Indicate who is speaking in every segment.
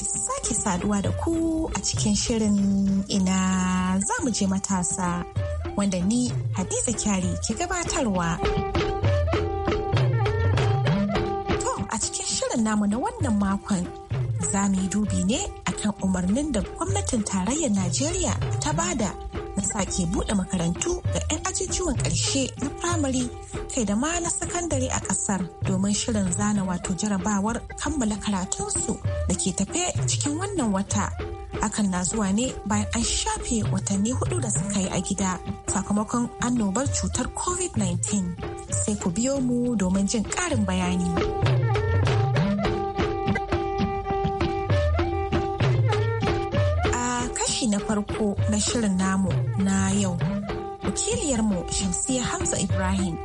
Speaker 1: da sake saduwa da ku a cikin shirin ina za mu je matasa wanda ni Hadiza Kyari ke gabatarwa. To a cikin shirin namu na wannan makon za mu yi dubi ne akan umarnin da gwamnatin tarayyar Najeriya ta bada yasa ke bude makarantu ga 'yan ajujuwan karshe na firamare kai da ma na sakandare a kasar domin shirin zana wato jarabawar kammala karatunsu da ke tafe cikin wannan wata. Hakan na zuwa ne bayan an shafe watanni hudu da suka yi a gida sakamakon annobar cutar COVID-19. Sai ku biyo mu domin jin karin bayani. farko na shirin namu na yau. Wakiliyarmu Shamsiyya Hamza Ibrahim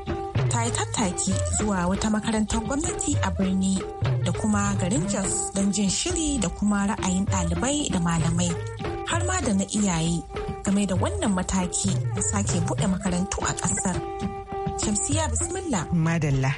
Speaker 1: ta yi tattaki zuwa wata makarantar gwamnati a birni da kuma garin Jos don jin shiri da kuma ra'ayin ɗalibai da malamai har ma da na iyaye game da wannan mataki na sake buɗe makarantu a ƙasar.
Speaker 2: shamsiyya Bismillah. Madalla.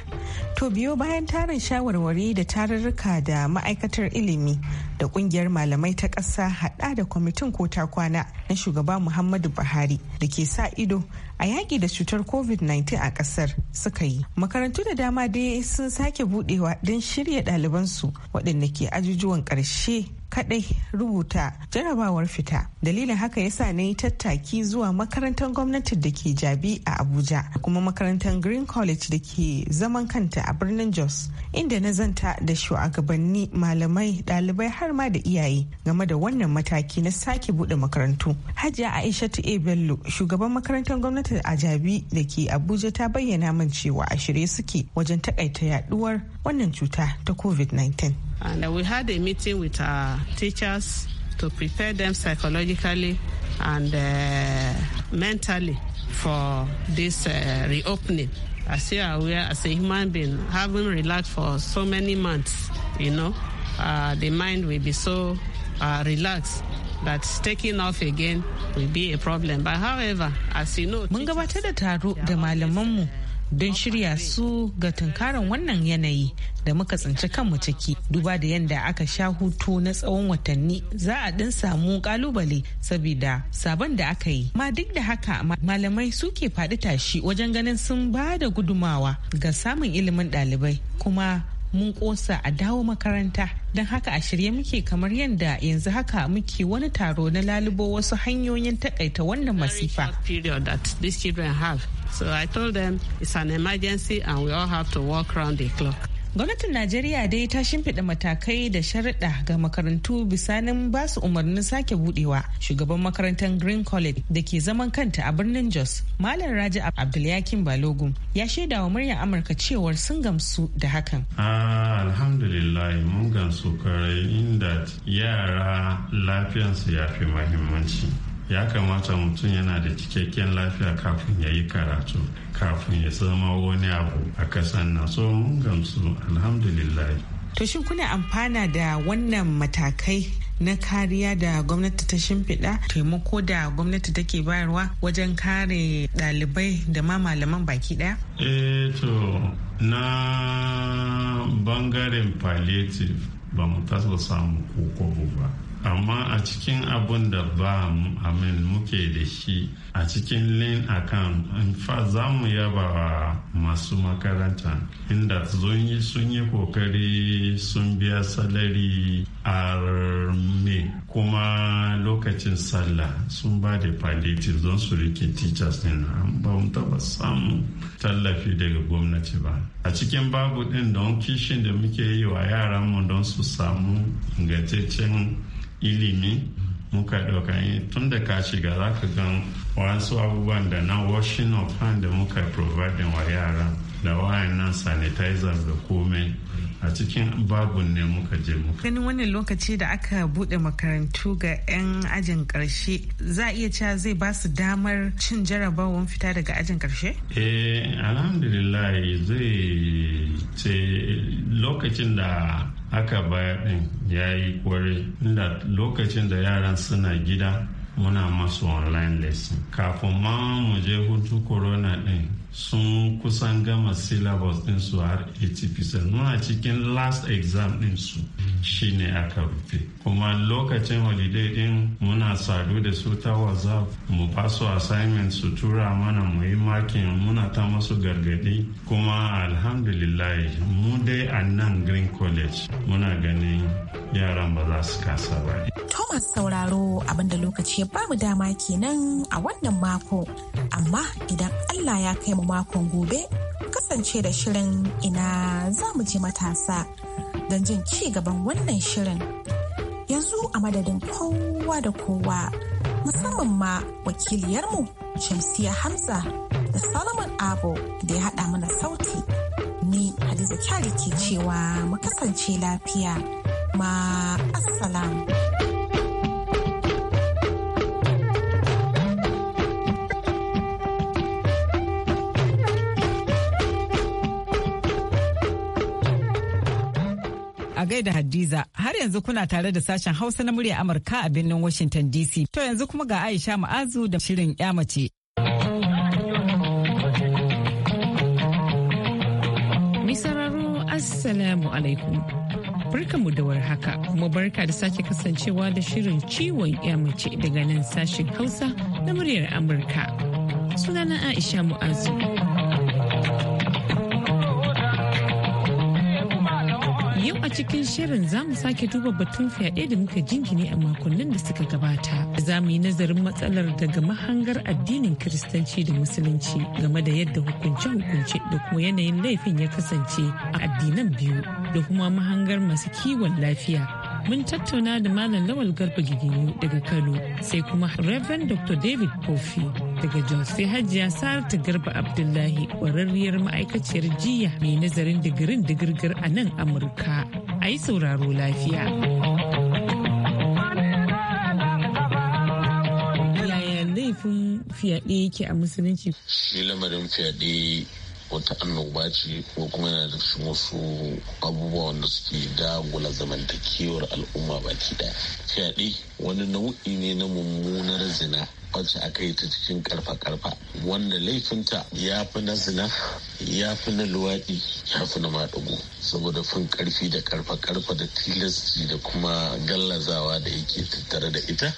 Speaker 2: To biyo bayan tarin shawarwari da tarurruka da ma'aikatar ilimi da kungiyar malamai ta ƙasa hada da kwamitin kota kwana na shugaba Muhammadu Buhari da ke sa ido a yaƙi da cutar COVID-19 a ƙasar suka yi. Makarantu da dama dai sun sake budewa don shirya ɗalibansu waɗanda ke ajujuwan ƙarshe kadai rubuta jarabawar fita dalilin haka yasa na yi tattaki zuwa makarantar gwamnati da ke jabi a abuja kuma makarantar green college da ke zaman kanta a birnin jos inda na zanta da shugabanni malamai dalibai har ma da iyaye game da wannan mataki na sake bude makarantu hajiya aishatu a bello shugaban makarantar gwamnati a jabi da ke abuja ta bayyana min cewa a shirye suke wajen takaita yaduwar wannan cuta ta covid-19 And we had a meeting with our teachers to prepare them psychologically and uh, mentally for this uh, reopening. As you are aware, as a human being, having relaxed for so many months, you know, uh, the mind will be so uh, relaxed that taking off again will be a problem. But however, as you know, mun da taro da malamanmu don shirya su ga tunkaran wannan yanayi da muka tsinci kanmu ciki duba da yadda aka sha hutu na tsawon watanni za a ɗin samu ƙalubale saboda sabon da aka yi ma duk da haka malamai suke faɗi tashi wajen ganin sun ba da gudumawa ga samun ilimin ɗalibai kuma mun kosa a dawo makaranta don haka a shirye muke kamar yadda yanzu haka muke wani taro na lalubo wasu hanyoyin takaita wannan masifa So I told them it's an emergency and we all have to walk around the clock. Gwamnatin Najeriya dai ta shimfiɗa matakai da sharaɗa ga makarantu bisanin ba su umarnin sake budewa. Shugaban makarantar Green College da ke zaman kanta a birnin Jos, Malam Raja Abdulyakin Balogun ya shaida wa muryar Amurka cewar sun gamsu da hakan.
Speaker 3: Ah, alhamdulillah mun gamsu karai inda yara lafiyansu ya fi muhimmanci. ya kamata mutum yana da cikakken lafiya kafin ya yi karatu kafin ya zama wani abu a kasan na so gamsu alhamdulillah to
Speaker 2: shin kuna amfana da wannan matakai na kariya da gwamnati ta shimfiɗa taimako da gwamnati take bayarwa wajen kare ɗalibai da ma malaman baki ɗaya?
Speaker 3: eh to na bangaren palliative ba mu tasa samu kokobo ba amma a cikin abun da ba amin muke da shi a cikin lin akan in fa za mu yaba wa masu makaranta inda sun yi kokari sun biya salari a kuma lokacin sallah sun ba da palliative don su rike teachers din ba mu taba samun tallafi daga gwamnati ba a cikin babu din don kishin da muke yi wa yaran mu don su samu ingantaccen ilimi muka ɗauka eh, tun da ka shiga za ka gan wasu abubuwan da na washing of hand da muka providing wa yara da nan sanitizer da komai a cikin babu ne muka je muka.
Speaker 2: Ganin wannan lokaci da aka buɗe makarantu ga 'yan ajin karshe za a iya cewa zai ba su damar cin jarabawan fita daga ajin karshe?
Speaker 3: Eh alhamdulillah zai ce lokacin da aka baya ɗin ya yi kware inda lokacin da yaran suna gida muna masu online lesson kafin ma mu je hutu corona ɗin sun kusan gama syllabus din su har 80% muna cikin last exam din su shine aka rufe kuma lokacin holiday ɗin muna sadu da su ta whatsapp mu ba su assignment su tura mana mu yi makin muna ta masu gargadi kuma alhamdulillah mu dai a nan green college muna ganin yaran ba za su kasa ba
Speaker 1: thomas sauraro abinda lokaci ya babu dama kenan a wannan mako amma idan allah ya kai mu makon gobe kasance da shirin ina za mu ji matasa don jin ci gaban wannan shirin yanzu a madadin kowa da kowa musamman ma wakiliyarmu shamsiya hamza da solomon abu da ya haɗa mana sauti ni hadiza kyari ke cewa mu kasance lafiya ma assalam.
Speaker 4: da Hadiza har yanzu kuna tare da sashen Hausa na murya Amurka a birnin Washington DC. To yanzu kuma ga Aisha Ma'azu da shirin mace.
Speaker 5: Mai Assalamu alaikum. Barkanmu da warhaka kuma barka da sake kasancewa da shirin ciwon mace daga nan sashen Hausa na muryar Amurka. Sunana Aisha Ma'azu. cikin shirin za mu sake duba batun fyaɗe da muka jingine a makonnin da suka gabata. Za mu yi nazarin matsalar daga mahangar addinin Kiristanci da Musulunci game da yadda hukunce-hukunce da kuma yanayin laifin ya kasance a addinan biyu da kuma mahangar masu kiwon lafiya mun tattauna da Malam Lawal Garba Giginyu daga Kano sai kuma Reverend Dr. David Kofi daga Jos sai Hajiya Saratu Garba Abdullahi ƙwararriyar ma'aikaciyar jiya mai nazarin digirin digirgir a nan Amurka. A yi sauraro lafiya. Yaya laifin fiyaɗe yake a musulunci?
Speaker 6: wata annoba ce ko kuma yana da cikin wasu abubuwa wanda suke dagula zamantakewar al'umma baki daya fyaɗe wani nau'i ne na mummunar zina wacce aka yi ta cikin karfa-karfa wanda laifinta ya fi na zina ya fi na luwaɗi ya fi na maɗugu saboda fin karfi da karfa-karfa da tilasti da kuma gallazawa da yake tattare da ita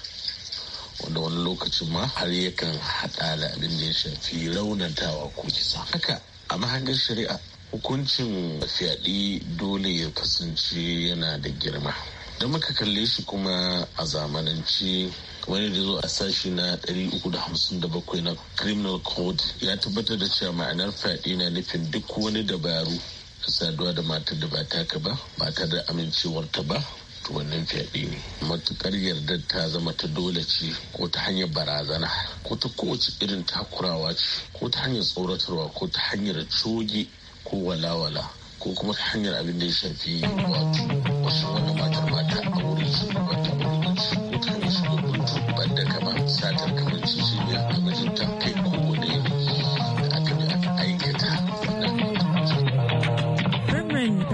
Speaker 6: wanda wani lokacin ma har yakan haɗa da abin da ya shafi raunatawa ko kisa haka a mahangar shari'a hukuncin fyaɗe dole ya kasance yana da girma da muka kalle shi kuma a zamanance wani da zo a sashi na 357 na criminal code ya tabbatar da cewa ma'anar fyaɗe na nufin duk wani dabaru saduwa da matar da ba taka ba ba ta da amincewarta ba to wannan fyaɗe ne matukar yarda ta zama ta dole ce ko ta hanyar barazana ko ta kowace irin takurawa ce ko ta hanyar tsoratarwa ko ta hanyar coge ko walawala ko kuma ta hanyar abin da ya shafi wato wasu wani matar mata a wurin su ba ta wurin su ko ta hanyar su gobin tubar da kama satar kamar ciciniya a mijinta kai ko
Speaker 7: wani yanayi aka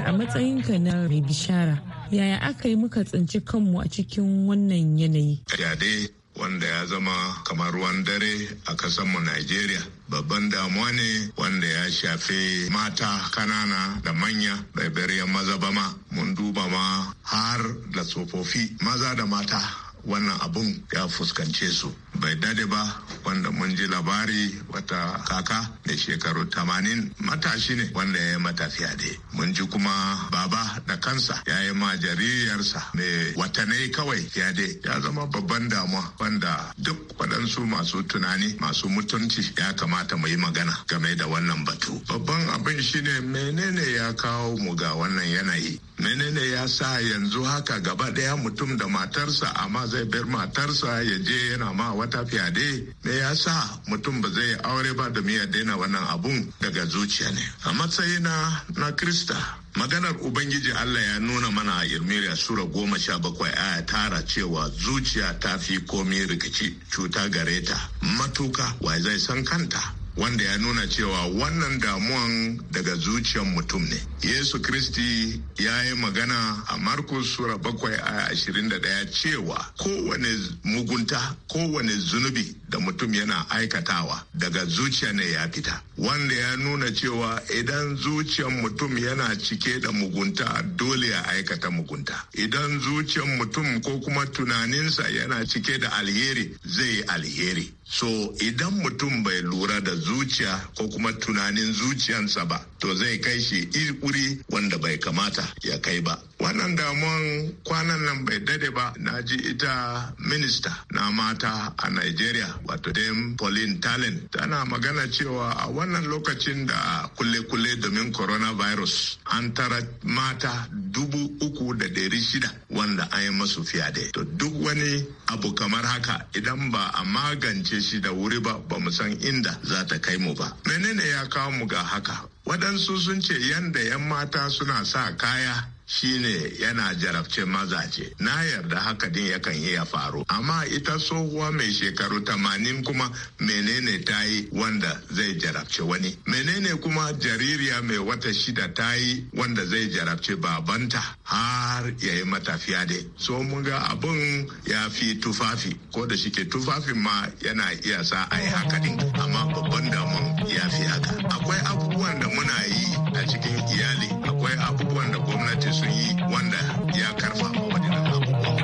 Speaker 5: a matsayinka na Rebisha yaya aka yi muka tsinci kanmu a cikin wannan yanayi
Speaker 8: fyaɗe wanda ya zama kamar ruwan dare a kasanmu Najeriya. Babban damuwa ne wanda ya shafe mata kanana da manya bai maza ba ma mun duba ma har da tsofaffi maza da mata wannan abun ya fuskance su bai dade ba wanda mun ji labari wata kaka da shekaru tamanin matashi ne wanda ya yi matafiya mun ji kuma baba da kansa ya yi ma jaririyarsa mai watanai kawai ya dai ya zama babban damuwa wanda duk waɗansu masu tunani masu mutunci ya kamata mu yi magana game da wannan batu babban abin shine menene ya kawo mu ga wannan yanayi menene ya sa yanzu haka gaba ɗaya mutum da matarsa amma zai bar matarsa ya je yana ma wata fyade me ya sa mutum ba zai aure ba da ya daina wannan abun daga zuciya ne a matsayina na krista maganar ubangiji allah ya nuna mana a irmiriya sura goma sha bakwai aya tara cewa zuciya ta fi komi rikici cuta gareta. matuka wai zai san kanta wanda ya nuna cewa wannan damuwan daga zuciyar mutum ne. Yesu Kristi ya yi magana a Markus Sura bakwai a ashirin cewa kowane mugunta kowane zunubi da mutum yana aikatawa daga zuciya ne ya fita. Wanda ya nuna cewa idan zuciyar mutum yana cike da mugunta dole ya aikata mugunta. Idan zuciyar mutum ko kuma tunaninsa yana cike da alheri zai yi alheri. So idan mutum bai lura da zuciya ko kuma tunanin zuciyansa ba, to zai kai shi iri wanda bai kamata ya kai ba. wannan damuwan kwanan nan bai dade ba na ji ita minista na mata a nigeria wato dem pauline talen tana magana cewa a wannan lokacin da kule-kule domin coronavirus an tara mata dubu uku da dari shida wanda an yi masu fiyade to duk wani abu kamar haka idan ba a magance shi da wuri ba ba mu san inda za ta kai mu ba menene ya kawo mu ga haka waɗansu sun ce yanda 'yan mata suna sa kaya shine yana jarabce mazaje na yarda haka din yakan iya faru amma ita tsohuwa mai shekaru tamanin kuma menene ta yi wanda zai jarabce wani menene kuma jaririya mai wata shida ta yi wanda zai jarabce babanta har ya yi matafiya dai so mun ga abin ya fi tufafi ko da shike tufafi ma yana iya sa a yi haka din amma babban damun ya fi haka akwai abubuwan da muna yi a cikin iyali akwai abubuwan da gwamnati sun yi wanda ya karfafa waɗannan abubuwan.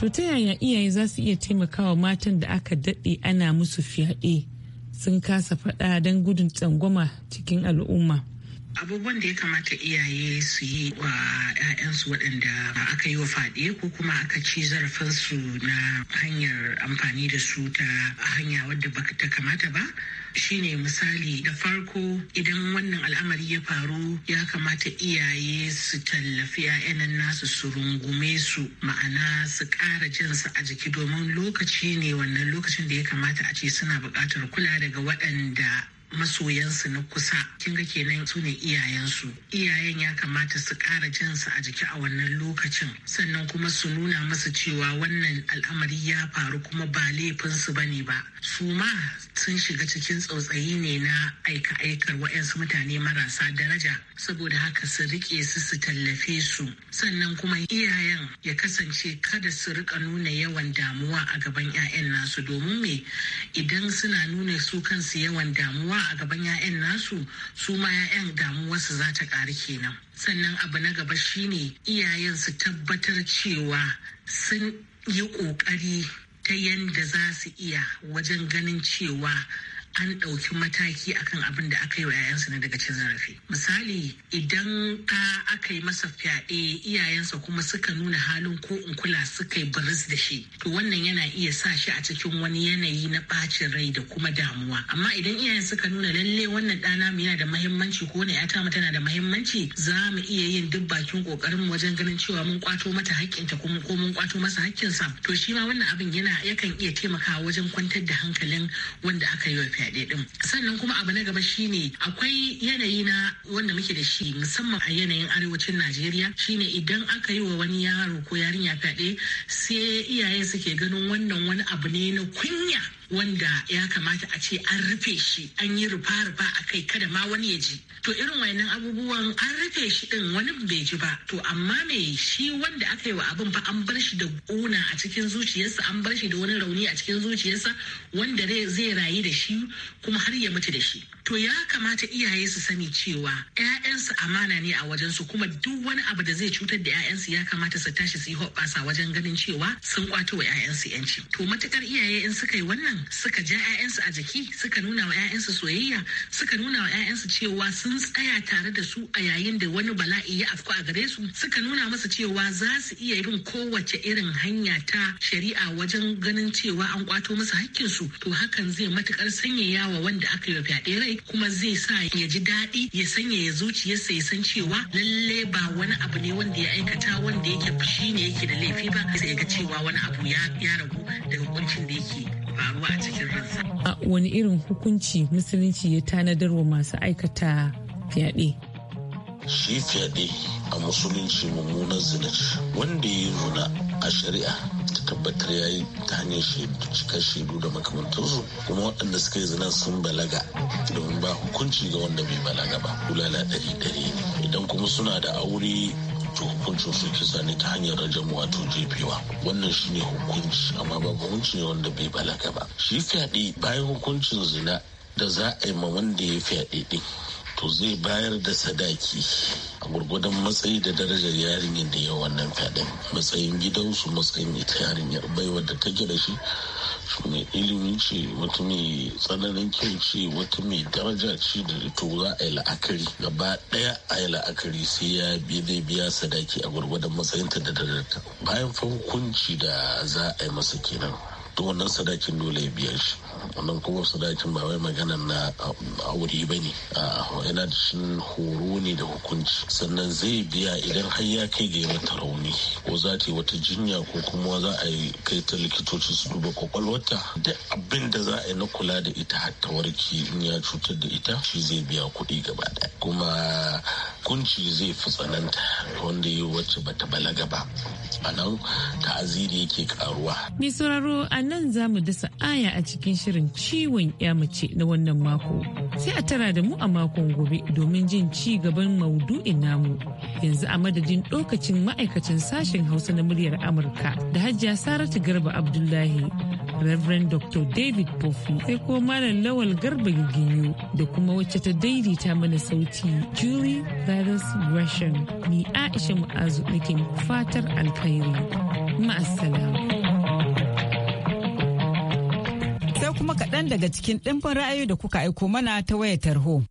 Speaker 5: To ta yaya iyaye za su iya taimakawa matan da aka daɗe ana musu fyaɗe sun kasa faɗa don gudun tsangwama cikin al'umma.
Speaker 9: abubuwan da ya kamata iyaye su yi wa 'ya'yansu waɗanda aka yi wa faɗe ko kuma aka ci zarafinsu na hanyar amfani da su ta hanya wadda ba ta kamata ba shine misali da farko idan wannan al'amari ya faru ya kamata iyaye su tallafi 'ya'yan nasu su rungume su ma'ana su ƙara jinsu a jiki domin lokaci ne wannan lokacin da ya kamata a ce suna buƙatar kula daga waɗanda masoyansu na kusa kin ga kenan su ne iyayensu iyayen ya kamata su ƙara jinsu a jiki a wannan lokacin sannan kuma su nuna masu cewa wannan al'amari ya faru kuma ba laifinsu ba ne ba su ma sun shiga cikin tsautsayi ne na aika-aikar wa'yansu mutane marasa daraja saboda haka su riƙe su su tallafe su sannan kuma iyayen ya kasance kada su rika nuna yawan damuwa a gaban 'ya'yan nasu domin me idan suna nuna su kansu yawan damuwa damuwa a gaban 'ya'yan nasu su ma 'ya'yan damuwarsu za ta ƙari kenan sannan abu na gaba shine iyayen su tabbatar cewa sun yi ƙoƙari ta yanda za su iya wajen ganin cewa an ɗauki mataki akan abin da aka yi wa 'ya'yansa na daga cin zarafi misali idan ka aka yi masa fyaɗe iyayensa kuma suka nuna halin ko in kula suka yi baris da shi to wannan yana iya sa shi a cikin wani yanayi na ɓacin rai da kuma damuwa amma idan iyayen suka nuna lalle wannan ɗana mu yana da mahimmanci ko wani 'yata mu tana da mahimmanci za mu iya yin duk bakin ƙoƙarin mu wajen ganin cewa mun kwato mata haƙƙinta kuma ko mun kwato masa haƙƙinsa to shi ma wannan abin yana yakan iya taimakawa wajen kwantar da hankalin wanda aka yi wa fyaɗe din sannan kuma abu na gaba shine akwai yanayi na wanda muke da shi musamman a yanayin arewacin najeriya shine idan aka yi wa wani yaro ko yarinya fyaɗe sai iyaye suke ganin wannan wani abu ne na kunya wanda ya kamata a ce an rufe shi an yi rufa-rufa a kai kada ma wani ya ji to irin wayannan abubuwan an rufe shi din wani bai ji ba to amma me shi wanda aka yi wa abin ba an bar shi da ƙuna a cikin zuciyarsa an bar shi da wani rauni a cikin zuciyarsa wanda zai rayu da shi kuma har ya mutu da shi to ya kamata iyaye su sani cewa 'ya'yansu amana ne a wajen su kuma duk wani abu da zai cutar da 'ya'yansu ya kamata su tashi su yi hoɓɓasa wajen ganin cewa sun kwato wa 'ya'yansu 'yanci to matukar iyaye in suka yi wannan iyayen suka ja 'ya'yansu a jiki suka nuna wa 'ya'yansu soyayya suka nuna wa 'ya'yansu cewa sun tsaya tare da su a yayin da wani bala'i ya afku a gare su suka nuna masa cewa za su iya bin kowace irin hanya ta shari'a wajen ganin cewa an kwato masa su to hakan zai matukar sanyaya wa wanda aka yi fyaɗe rai kuma zai sa ya ji daɗi ya sanyaya zuciyarsa ya san cewa lalle ba wani abu ne wanda ya aikata wanda yake shi ne yake da laifi ba sai ya ga cewa wani abu ya ragu
Speaker 6: daga hukuncin da yake faruwa a cikin
Speaker 5: wani irin hukunci musulunci ya tanadar wa masu aikata fyaɗe?
Speaker 6: Shi fyaɗe a musulunci mummunan zina wanda ya zuna a shari'a ta tabbatar ya yi ta hanyar cikar shaidu da makamantarsu kuma waɗanda suka yi zina sun balaga domin ba hukunci ga wanda bai balaga ba kulala ɗari ɗari idan kuma suna da aure to hukuncin su kisa ne ta hanyar rajam wato jefewa wannan shine hukunci amma ba hukunci ne wanda bai balaga ba shi fyaɗe bayan hukuncin zina da za a yi ma wanda ya fyaɗe ɗin to zai bayar da sadaki a gurgudan matsayi da darajar yarinyar da yawan wannan fyaɗe matsayin gidansu matsayin ita yarinyar baiwar da ta da shi mai ilimi ce wata mai tsananin kyau ce wata mai daraja ce da to za a yi la'akari gaba daya a yi la'akari sai ya zai biya sadaki a gwargwadon matsayinta da dadarta bayan fa da za a yi masa kenan to wannan sadakin dole ya biya shi wannan kuma sadakin ba wai magana na aure ba ne yana da shi horo ne da hukunci sannan zai biya idan har ya kai ga mata rauni ko za ta yi wata jinya ko kuma za a yi kai ta likitoci su duba kwakwalwata da abin da za a yi na kula da ita har ta warke in ya cutar da ita shi zai biya kuɗi gaba ɗaya kuma kunci zai fi tsananta wanda yi wacce bata balaga ba a nan ta'aziri yake karuwa.
Speaker 5: mai sauraro a nan za mu dasa aya a cikin shirin shirin ciwon ya mace na wannan mako. Sai a tara da mu a makon gobe domin jin ci gaban maudu'in namu. Yanzu a madadin lokacin ma'aikacin sashen Hausa na muryar Amurka da Hajiya Saratu Garba Abdullahi. Reverend Dr. David Pofi sai ko Malam Lawal Garba Giginyo da kuma wacce ta daidaita mana sauti Julie Virus russian ni Aisha Mu'azu nake fatar alkhairi. Ma'assalam.
Speaker 4: kuma kaɗan daga cikin ɗimbin ra'ayoyi da kuka aiko mana ta wayar tarho.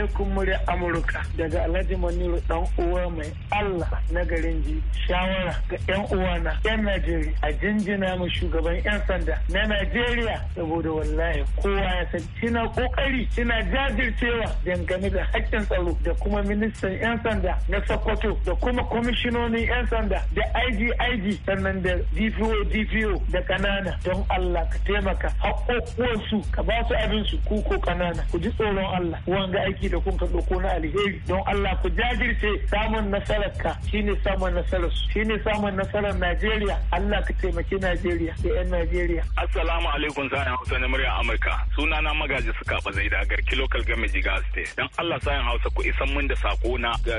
Speaker 6: alaikum murya Amurka daga Alhaji Maniru dan uwa mai Allah
Speaker 10: na garin ji shawara ga yan uwana yan Najeriya a jinjina mu shugaban yan sanda na Najeriya saboda wallahi kowa ya san kina kokari kina jajircewa dangane da haƙƙin tsaro da kuma ministan yan sanda na Sokoto da kuma kwamishinonin yan sanda da IGIG sannan da DPO DPO da kanana don Allah ka taimaka haƙƙoƙuwansu ka ba su abin su ko kanana ku ji tsoron Allah wanga aiki da kun ka ɗauko na alheri don Allah ku jajirce samun nasarar ka shine samun nasarar su shine samun nasarar Najeriya Allah ka taimaki Najeriya da 'yan Najeriya.
Speaker 6: Assalamu alaikum sayan Hausa na murya Amurka sunana magaji suka ba zai dagar local government jiga state don Allah sayan Hausa ku isan mun da sako na ga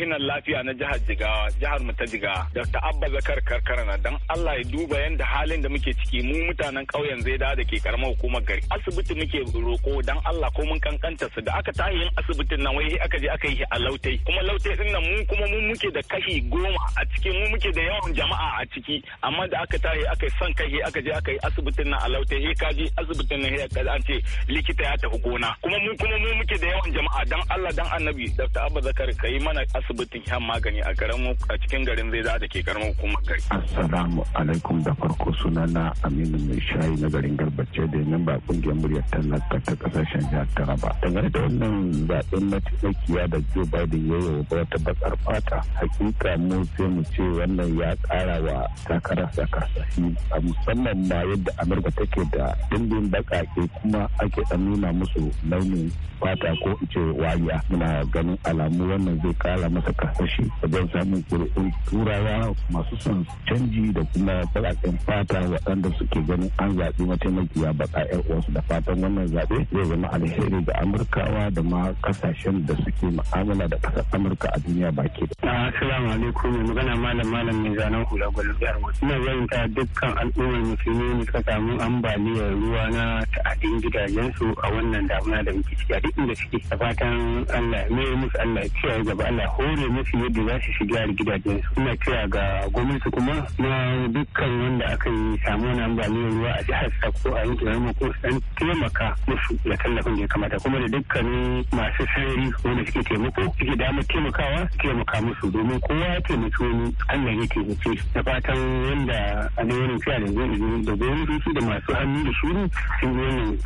Speaker 6: ina lafiya na jihar Jigawa jihar mu ta Jigawa da ta zakar karkara na don Allah ya duba yanda halin da muke ciki mu mutanen ƙauyen zai da ke karamar hukumar gari asibiti muke roko don Allah ko mun kankanta su da aka tahi asibitin nan wai aka je aka yi a lautai kuma lautai din nan mu kuma mu muke da kashi goma a ciki mu muke da yawan jama'a a ciki amma da aka tare aka san kashi aka je aka yi asibitin nan a lautai he ka asibitin nan he ka an ce likita ya tafi gona kuma mu kuma mu muke da yawan jama'a dan Allah dan Annabi Dr. Abba Zakar kai mana asibitin yan magani a garin a cikin garin zai da ke garin hukumar gari assalamu alaikum da farko sunana Aminu
Speaker 10: Mai Shayi na garin Garbace da ba kungiyar muryar ta ta kasashen jihar Taraba dangane da wannan zaɓen mataimakiya da Joe Biden ya yi wa wata bakar fata. Hakika mu sai mu ce wannan ya kara wa da karsashi a musamman ma yadda Amurka take da dimbin bakake kuma ake ɗan nuna musu launin fata ko ce wariya muna ganin alamu wannan zai kara masa karsashi wajen samun kuri'un turawa masu son canji da kuma baƙaƙen fata waɗanda suke ganin an zaɓi mataimakiya baƙa 'yan wasu da fatan wannan zaɓe zai zama alheri ga Amurkawa da ma kasashen da suke mu'amala da kasar amurka a duniya baki da ah, assalamu alaikum mai magana malam malam mai zanen hula gwalin jihar ina zan ta dukkan al'ummar musulmi ne suka samu ambaliyar ruwa na ta'adin gidajensu a wannan damuna da muke ciki a duk inda suke a fatan allah mai musu allah kiyaye gaba allah hore musu yadda za su shiga gidajensu ina kira ga gwamnati kuma na dukkan wanda aka yi samu wani ambaliyar ruwa a jihar sa ko a yankin ko su taimaka musu da tallafin da ya kamata kuma da dukkanin masu sarari wanda suke taimako suke damar taimakawa taimaka musu domin kowa ya taimaki wani Allah ya taimake shi fatan wanda a da wani tsaya da zai da gwamnatoci da masu hannu da shuru sun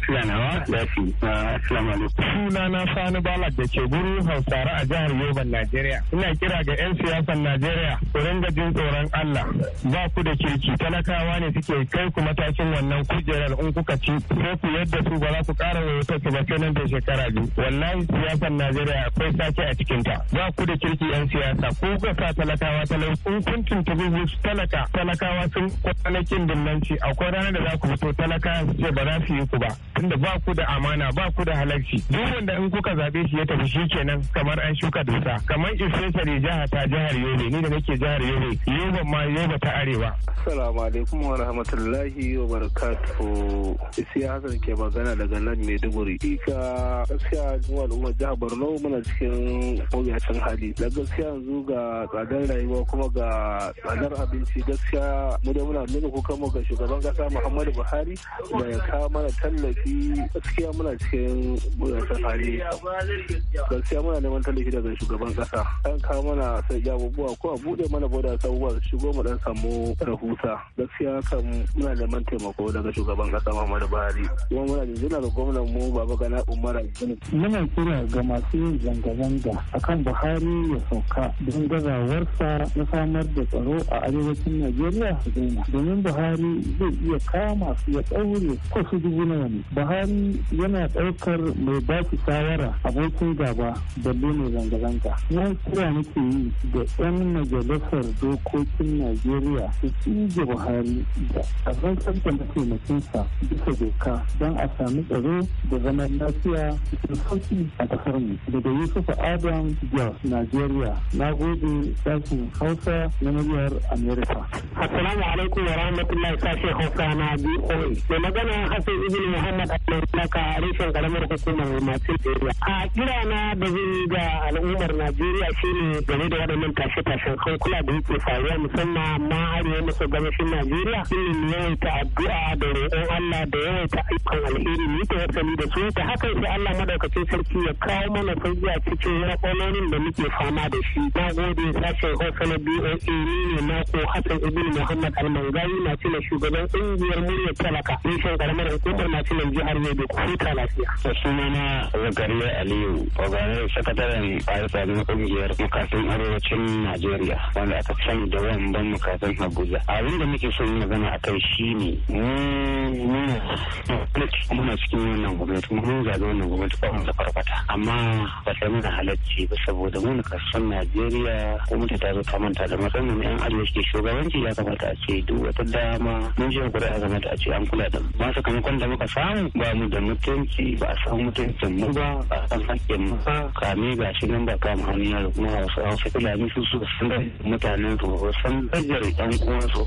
Speaker 10: zo na wa da su assalamu alaikum Sani Balak da ke guru Hausare a jihar yoruba Najeriya ina kira ga 'yan siyasan Najeriya ku ringa jin tsoron Allah ba ku da kirki talakawa ne suke kai ku matakin wannan kujerar in kuka ci sai ku yadda su ba za ku ƙara wayo ta ba sai nan da shekara biyu wallahi siyasar Najeriya akwai sake a cikinta. Ba ku da kirki 'yan siyasa ko ga sa talakawa talauci in kun tuntubi su talaka talakawa sun kwanakin dinnanci akwai ranar da za ku fito talaka su ce ba za su yi ku ba. wanda ba ku da amana ba ku da halarci duk wanda in kuka zaɓe shi ya tafi shi shikenan kamar an shuka dusa kamar especially jihar ta jihar Yobe ni da nake jihar Yobe Yobe ma Yobe ta Arewa
Speaker 6: Assalamu alaikum wa rahmatullahi wa barakatuhu Isiya hasan ke magana daga nan Maiduguri ika gaskiya mu al'ummar jihar Borno muna cikin mawuyacin hali da gaskiya yanzu ga tsadar rayuwa kuma ga tsadar abinci gaskiya mu da muna nuna kuka mu ga shugaban kasa Muhammadu Buhari da ya kawo mana tallafi gaskiya muna cikin bugatar hali gaskiya muna neman tallafi daga shugaban kasa an kawo mana sai abubuwa ko a buɗe mana boda abubuwa shigo mu dan samu rahusa gaskiya kan muna neman taimako daga shugaban kasa Muhammadu Buhari kuma muna jina da gwamnan mu Baba Gana Umar
Speaker 10: muna kira ga masu yin zanga-zanga akan Buhari ya sauka don gazawarsa na samar da tsaro a arewacin Najeriya su domin Buhari zai iya kama su ya ɗaure ko su dubu na wani buhari yana ɗaukar mai ba su shawara abokin gaba da mai zanga-zanga na kira nake yi da 'yan majalisar dokokin najeriya su cije buhari da a zantar da mataimakinsa bisa doka don a sami tsaro da zaman lafiya cikin sauki a kasar mu daga yusuf adam jos najeriya na gode sashen hausa na muryar amerika assalamu alaikum wa rahmatullahi sashen hausa na boa mai magana hasan ibn muhammad faɗa maka reshen karamar hukumar masu Najeriya. A kira na da zai ga al'ummar Najeriya shine game da waɗannan tashe-tashen hankula da yake faruwa musamman ma arewa maso gabashin Najeriya shine yawaita addu'a da roƙon Allah da yawaita ayyukan alheri ne ta wasali da su ta haka sai Allah madaukakin sarki ya kawo mana sauki a cikin raƙononin da muke fama da shi. Na gode sashen Hausa na BOA ne mako Hassan Ibn Muhammad Almangayi na cina shugaban ƙungiyar muryar talaka. Reshen karamar hukumar masu jihar Yobe ku huta lafiya. Da sunana Zakariya Aliyu, ogarin Sakataren Fayasa kungiyar Ƙungiyar Arewacin Najeriya, wanda aka sani da wamban makasin Abuja. Abin da muke son magana a kai shi ne, muna cikin wannan gwamnati, mun zaɓi wannan gwamnati ba mu da farfata. Amma ba ta nuna halarci ba saboda mu makasin Najeriya, gwamnati ta zo ta manta da matsalar 'yan arewa ke shugabanci ya kamata a ce duk wata dama mun je kuri'a kamata a ce an kula da mu. Masu kamakon da muka samu ba mu da mutunci ba a san mutuncin mu ba ba a san hakkin mu ba kame ga shi nan ba kama hannun da kuma wasu kula fulani su su san mutanen su san darajar yan uwansu.